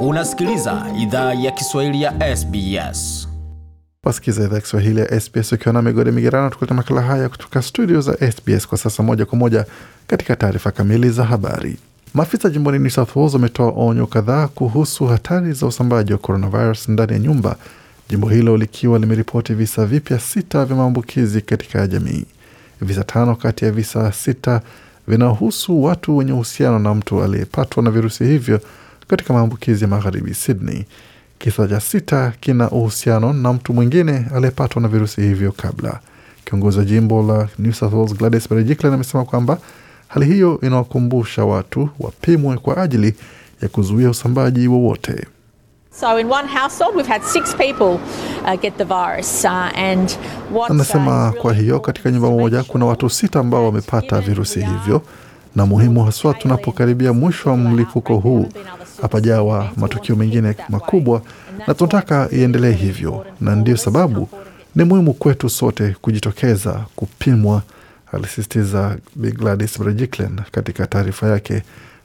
Unasikiliza idhaa ya Kiswahili ya SBS. Wasikiliza idhaa ya Kiswahili ya SBS ukiwa na migode migerano, tukuleta makala haya kutoka studio za SBS kwa sasa, moja kwa moja katika taarifa kamili za habari. Maafisa jimboni New South Wales wametoa onyo kadhaa kuhusu hatari za usambaji wa coronavirus ndani ya nyumba, jimbo hilo likiwa limeripoti visa vipya sita vya maambukizi katika jamii. Visa tano kati ya visa sita vinahusu watu wenye uhusiano na mtu aliyepatwa na virusi hivyo katika maambukizi ya magharibi Sydney. Kisa cha sita kina uhusiano na mtu mwingine aliyepatwa na virusi hivyo kabla. Kiongozi wa jimbo la New South Wales Gladys Berejiklian amesema kwamba hali hiyo inawakumbusha watu wapimwe kwa ajili ya kuzuia usambaji wowote. So in one household we've had six people uh, get the virus uh, and what anasema. Uh, kwa hiyo katika nyumba moja kuna watu sita ambao wamepata virusi hivyo na muhimu haswa tunapokaribia mwisho wa mlipuko huu. Hapajawa matukio mengine makubwa, na tunataka iendelee hivyo, na ndiyo sababu ni muhimu kwetu sote kujitokeza kupimwa, alisisitiza Bi Gladys Berejiklian katika taarifa yake,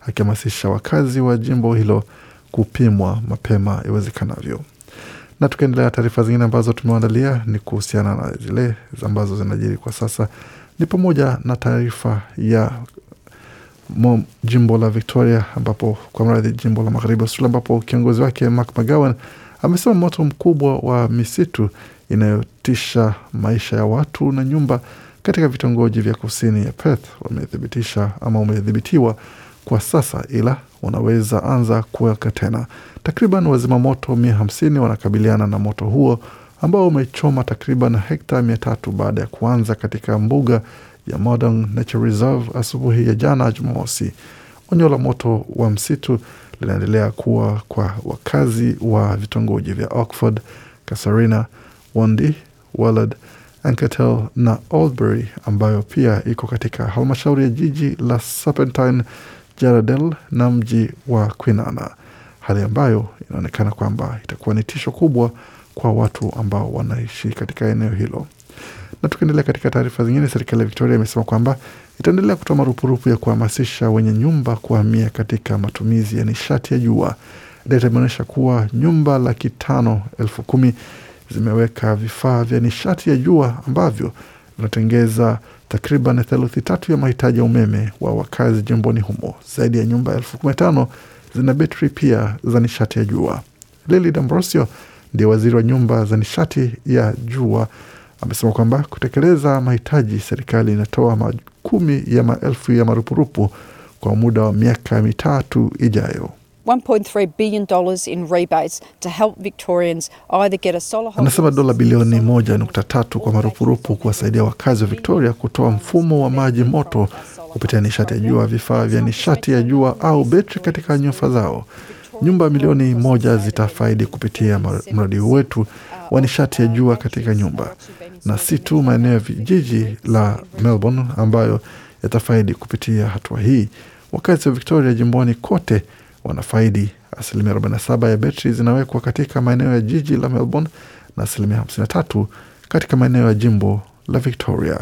akihamasisha wakazi wa jimbo hilo kupimwa mapema iwezekanavyo. Na tukaendelea, taarifa zingine ambazo tumeandalia ni kuhusiana na zile ambazo zinajiri kwa sasa, ni pamoja na taarifa ya jimbo la Victoria, ambapo kwa mradhi jimbo la magharibi Australia, ambapo kiongozi wake Mark McGowan amesema moto mkubwa wa misitu inayotisha maisha ya watu na nyumba katika vitongoji vya kusini ya Perth wamethibitisha ama umedhibitiwa kwa sasa, ila wanaweza anza kuweka tena. Takriban wazima moto mia hamsini wanakabiliana na moto huo ambao umechoma takriban hekta mia tatu baada ya kuanza katika mbuga ya Modern Nature Reserve asubuhi ya jana Jumamosi. Onyo la moto wa msitu linaendelea kuwa kwa wakazi wa vitongoji vya Oxford, Kasarina, Wondi, Wallard, Ancatel na Oldbury ambayo pia iko katika halmashauri ya jiji la Serpentine, Jaradel na mji wa quinana hali ambayo inaonekana kwamba itakuwa ni tisho kubwa kwa watu ambao wanaishi katika eneo hilo. Na tukiendelea katika taarifa zingine, serikali ya Victoria imesema kwamba itaendelea kutoa marupurupu ya kuhamasisha wenye nyumba kuhamia katika matumizi ya nishati ya jua. Data imeonyesha kuwa nyumba laki tano elfu kumi zimeweka vifaa vya nishati ya jua ambavyo vinatengeza takriban theluthi tatu ya mahitaji ya umeme wa wakazi jimboni humo. Zaidi ya nyumba elfu kumi na tano zina betri pia za nishati ya jua. Lili Dambrosio ndiye waziri wa nyumba za nishati ya jua amesema kwamba kutekeleza mahitaji, serikali inatoa makumi ya maelfu ya marupurupu kwa muda wa miaka mitatu ijayo. Anasema dola bilioni moja nukta tatu kwa marupurupu kuwasaidia wakazi wa Victoria kutoa mfumo wa maji moto kupitia nishati ya jua, vifaa vya nishati ya jua au betri katika nyufa zao. Nyumba milioni moja zitafaidi kupitia mradi wetu wa nishati ya jua katika nyumba, na si tu maeneo ya jiji la Melbourne ambayo yatafaidi kupitia hatua hii. Wakazi wa Victoria jimboni kote wanafaidi. Asilimia 47 ya betri zinawekwa katika maeneo ya jiji la Melbourne na asilimia 53 katika maeneo ya jimbo la Victoria.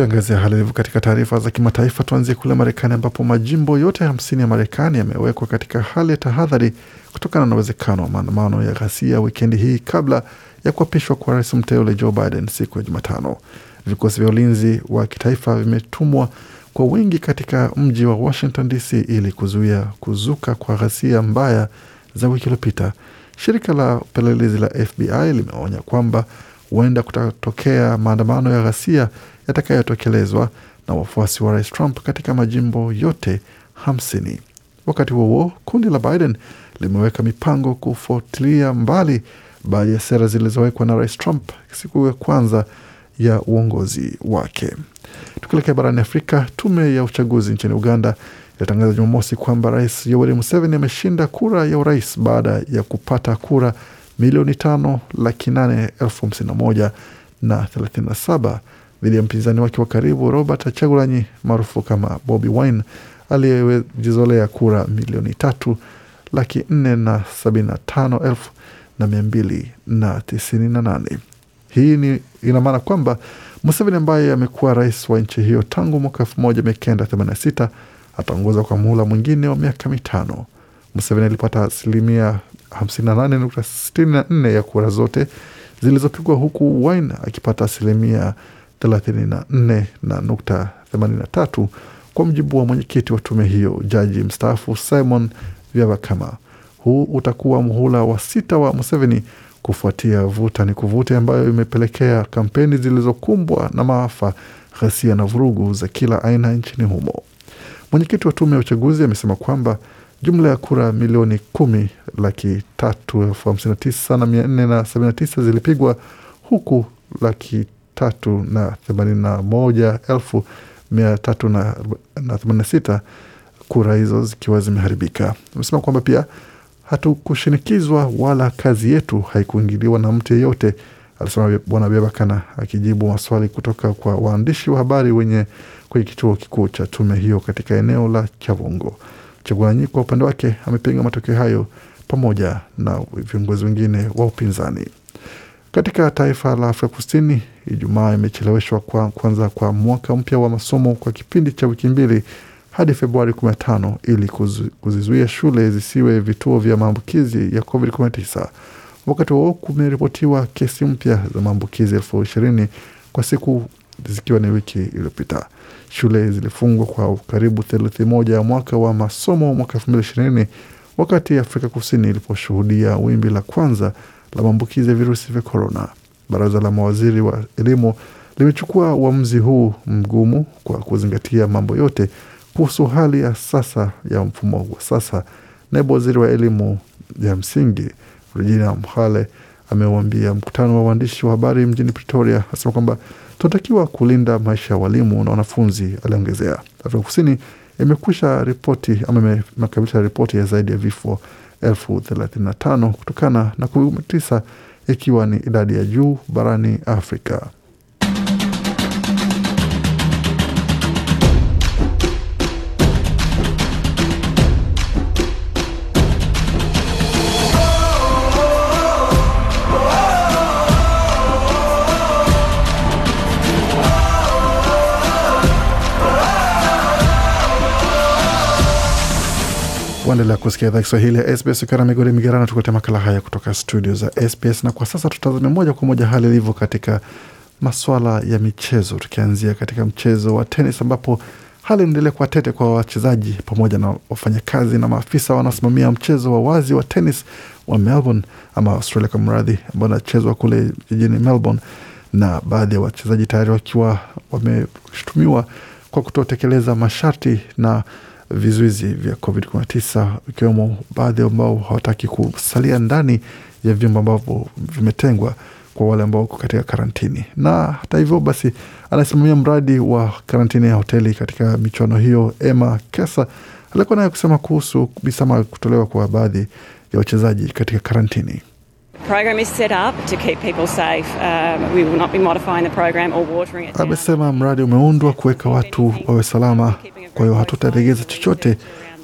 Tukiangazia hali ilivyo katika taarifa za kimataifa, tuanzie kule Marekani ambapo majimbo yote hamsini ya Marekani yamewekwa katika hali ya tahadhari kutokana na uwezekano wa maandamano ya ghasia wikendi hii kabla ya kuapishwa kwa rais mteule Joe Biden siku ya Jumatano. Vikosi vya ulinzi wa kitaifa vimetumwa kwa wingi katika mji wa Washington DC ili kuzuia kuzuka kwa ghasia mbaya za wiki iliyopita. Shirika la upelelezi la FBI limeonya kwamba huenda kutatokea maandamano ya ghasia yatakayotekelezwa na wafuasi wa rais Trump katika majimbo yote hamsini. Wakati huo huo, kundi la Biden limeweka mipango kufuatilia mbali baadhi ya sera zilizowekwa na rais Trump siku ya kwanza ya uongozi wake. Tukielekea barani Afrika, tume ya uchaguzi nchini Uganda ilitangaza Jumamosi kwamba rais Yoweri Museveni ameshinda kura ya urais baada ya kupata kura milioni tano laki nane elfu hamsini na moja na thelathini na saba dhidi ya mpinzani wake wa karibu Robert Chagulanyi maarufu kama Bobi Wine aliyejizolea kura milioni tatu laki nne na sabini na tano elfu na mia mbili na tisini na nane. Hii ni ina maana kwamba Museveni ambaye amekuwa rais wa nchi hiyo tangu mwaka elfu moja mia kenda themanini na sita ataongoza kwa muhula mwingine wa miaka mitano. Museveni alipata asilimia 58.64 ya kura zote zilizopigwa huku Wine akipata asilimia 34.83 na kwa mjibu wa mwenyekiti wa tume hiyo, jaji mstaafu Simon Vyavakama. Huu utakuwa mhula wa sita wa Museveni kufuatia vuta ni kuvute ambayo imepelekea kampeni zilizokumbwa na maafa, ghasia na vurugu za kila aina nchini humo. Mwenyekiti wa tume ya uchaguzi amesema kwamba Jumla ya kura milioni kumi laki tatu elfu hamsini na tisa na mia nne na sabini na tisa zilipigwa huku laki tatu na themanini na moja elfu mia tatu na themanini na sita kura hizo zikiwa zimeharibika. Amesema kwamba pia hatukushinikizwa wala kazi yetu haikuingiliwa na mtu yeyote, alisema Bwana Bebakana akijibu maswali kutoka kwa waandishi wa habari wenye kwenye kituo kikuu cha tume hiyo katika eneo la Chavungo. Chagulanyi kwa upande wake amepinga matokeo hayo pamoja na viongozi wengine wa upinzani. Katika taifa la Afrika Kusini, Ijumaa imecheleweshwa kwa kwanza kwa mwaka mpya wa masomo kwa kipindi cha wiki mbili hadi Februari 15 ili kuzizuia shule zisiwe vituo vya maambukizi ya COVID-19. Wakati huo kumeripotiwa kesi mpya za maambukizi elfu ishirini kwa siku zikiwa ni wiki iliyopita. Shule zilifungwa kwa karibu theluthi moja ya mwaka wa masomo mwaka elfu mbili ishirini wakati Afrika Kusini iliposhuhudia wimbi la kwanza la maambukizi ya virusi vya korona. Baraza la mawaziri wa elimu limechukua uamuzi huu mgumu kwa kuzingatia mambo yote kuhusu hali ya sasa ya mfumo wa sasa. Naibu waziri wa elimu ya msingi Regina Mhale amewambia mkutano wa waandishi wa habari mjini Pretoria, anasema kwamba tunatakiwa kulinda maisha ya walimu na wanafunzi, aliongezea. Afrika Kusini imekwisha ripoti ama imekamilisha ripoti ya zaidi ya vifo elfu thelathini na tano kutokana na COVID-19 ikiwa ni idadi ya juu barani Afrika. Waendelea kusikia idhaa Kiswahili ya SBS ukiwa na migodi migerana, tukuletea makala haya kutoka studio za SBS. Na kwa sasa tutazame moja kwa moja hali ilivyo katika maswala ya michezo, tukianzia katika mchezo wa tenis ambapo hali inaendelea kuwa tete kwa wachezaji pamoja na wafanyakazi na maafisa wanaosimamia mchezo wa wazi wa tenis wa Melbourne ama Australia kwa mradhi, ambao unachezwa kule jijini Melbourne, na baadhi ya wachezaji tayari wakiwa wameshutumiwa kwa kutotekeleza masharti na vizuizi vya COVID-19 ikiwemo baadhi ambao hawataki kusalia ndani ya vyumba ambavyo vimetengwa kwa wale ambao wako katika karantini. Na hata hivyo basi, anasimamia mradi wa karantini ya hoteli katika michuano hiyo, Emma Kesa alikuwa naye kusema kuhusu bisama kutolewa kwa baadhi ya wachezaji katika karantini. Um, Amesema mradi umeundwa kuweka watu wawe salama, kwa hiyo hatutalegeza chochote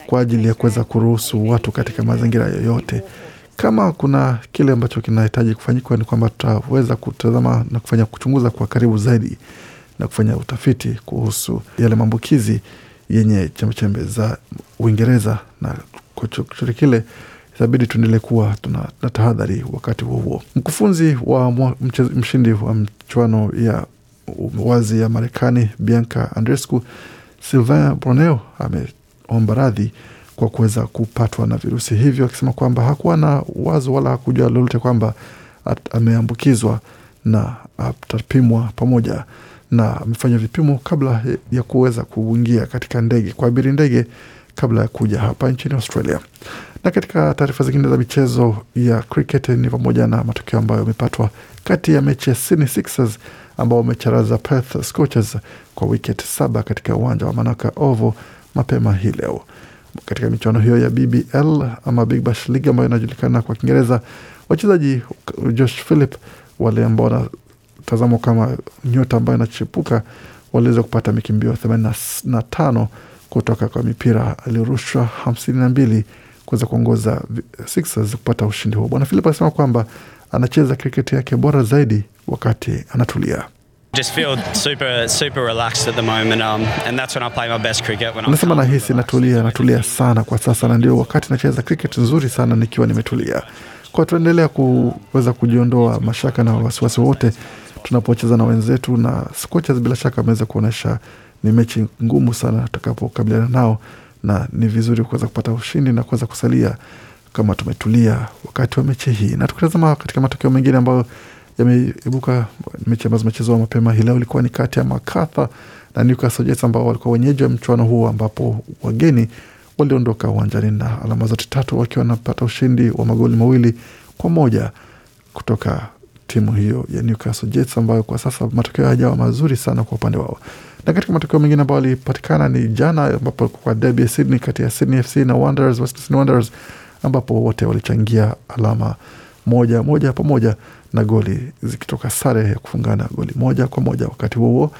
kwa ajili ya kuweza kuruhusu watu katika mazingira yoyote. Kama kuna kile ambacho kinahitaji kufanyikwa, ni kwamba tutaweza kutazama na kufanya kuchunguza kwa karibu zaidi na kufanya utafiti kuhusu yale maambukizi yenye chembechembe za Uingereza na chochote kile itabidi tuendelee kuwa tuna, tahadhari. Wakati huo huo, mkufunzi wa mwa, mshindi wa mchuano ya wazi ya Marekani Bianca Andreescu, Sylvain Boneo ameomba radhi kwa kuweza kupatwa na virusi hivyo, akisema kwamba hakuwa na wazo wala hakujua lolote kwamba ameambukizwa na atapimwa pamoja na amefanya vipimo kabla ya kuweza kuingia katika ndege kuabiri ndege kabla ya kuja hapa nchini Australia. Na katika taarifa zingine za michezo ya cricket ni pamoja na matokeo ambayo yamepatwa kati ya mechi ya Sydney Sixers ambao wamecharaza Perth Scorchers kwa wiket saba katika uwanja wa Manaka Oval mapema hii leo. Katika michuano hiyo ya BBL ama Big Bash League ambayo inajulikana kwa Kiingereza, wachezaji Josh Philip wale ambao wanatazamwa kama nyota ambayo inachipuka waliweza kupata mikimbio 85 kutoka kwa mipira aliyorushwa 52 kuweza kuongoza Sixers kupata ushindi huo. Bwana Philip alisema kwamba anacheza kriketi yake bora zaidi wakati anatulia. Um, anasema nahisi natulia, natulia sana kwa sasa, na ndio wakati nacheza kriketi nzuri sana nikiwa nimetulia. Kwa tunaendelea kuweza kujiondoa mashaka na wasiwasi wote tunapocheza na wenzetu, na Scorchers bila shaka ameweza kuonyesha ni mechi ngumu sana tutakapokabiliana nao na ni vizuri kuweza kupata ushindi na kuweza kusalia kama tumetulia wakati wa mechi hii. Na tukitazama katika matokeo mengine ambayo yameibuka, mechi ambazo zimechezwa mapema hii leo ilikuwa ni kati ya Makatha na Newcastle Jets ambao walikuwa wenyeji wa mchuano huo, ambapo wageni waliondoka uwanjani na alama zote tatu wakiwa wanapata ushindi wa magoli mawili kwa moja kutoka timu hiyo ya Newcastle Jets ambayo kwa sasa matokeo hayajawa mazuri sana kwa upande wao. Na katika matokeo mengine ambayo alipatikana ni jana, ambapo kwa derby ya Sydney kati ya Sydney FC na Wanderers, Western Sydney Wanderers, ambapo wote walichangia alama moja moja pamoja na goli zikitoka sare ya kufungana goli moja kwa moja. Wakati huo huo,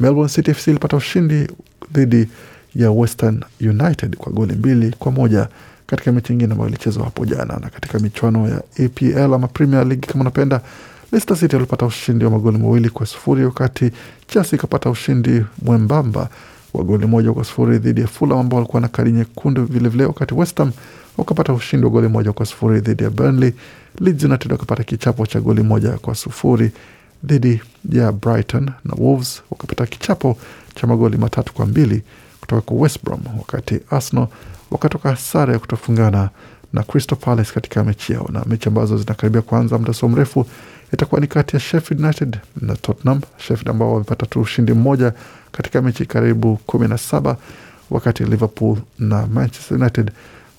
Melbourne City FC ilipata ushindi dhidi ya Western United kwa goli mbili kwa moja katika mechi nyingine ambayo ilichezwa hapo jana. Na katika michuano ya APL ama Premier League kama unapenda Leicester City walipata ushindi wa magoli mawili kwa sufuri wakati Chelsea ikapata ushindi mwembamba wa goli moja kwa sufuri dhidi ya Fulham ambao walikuwa na kadi nyekundu vilevile, wakati West Ham wakapata ushindi wa goli moja kwa sufuri dhidi ya Burnley. Leeds United wakapata kichapo cha goli moja kwa sufuri dhidi ya Brighton na Wolves wakapata kichapo cha magoli matatu kwa mbili kutoka kwa West Brom, wakati Arsenal wakatoka sare ya kutofungana na Crystal Palace katika mechi yao, na mechi ambazo zinakaribia kuanza muda sio mrefu itakuwa ni kati ya Sheffield United na Tottenham. Sheffield ambao wamepata tu ushindi mmoja katika mechi karibu kumi na saba wakati Liverpool na Manchester United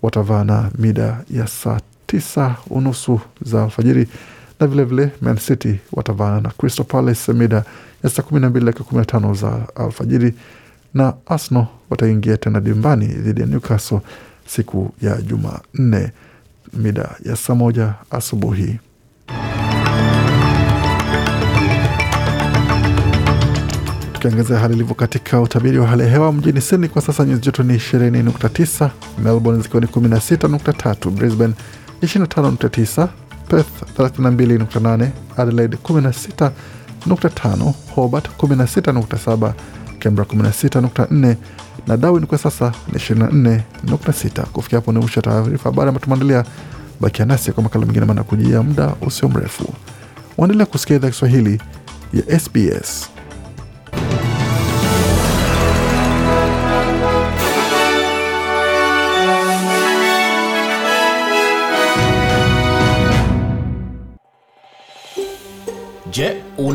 watavana mida ya saa tisa unusu za alfajiri na vilevile vile, Man City watavana na Crystal Palace mida ya saa kumi na mbili dakika kumi na tano za alfajiri na Arsenal wataingia tena dimbani dhidi ya Newcastle siku ya Jumanne mida ya saa moja asubuhi. Tukiangazia hali ilivyo katika utabiri wa hali ya hewa mjini Sydney kwa sasa nyuzi joto ni 20.9, Melbourne zikiwa ni 16.3, Brisbane 25.9, Perth 32.8, Adelaide 16.5, Hobart 16.7, Canberra 16.4 na Darwin kwa sasa ni 24.6. Kufikia hapo ni mwisho wa taarifa habari ambayo tumeandalia. Bakia nasi kwa makala mengine, maana kujia muda usio mrefu. Waendelea kusikia idhaa Kiswahili ya SBS.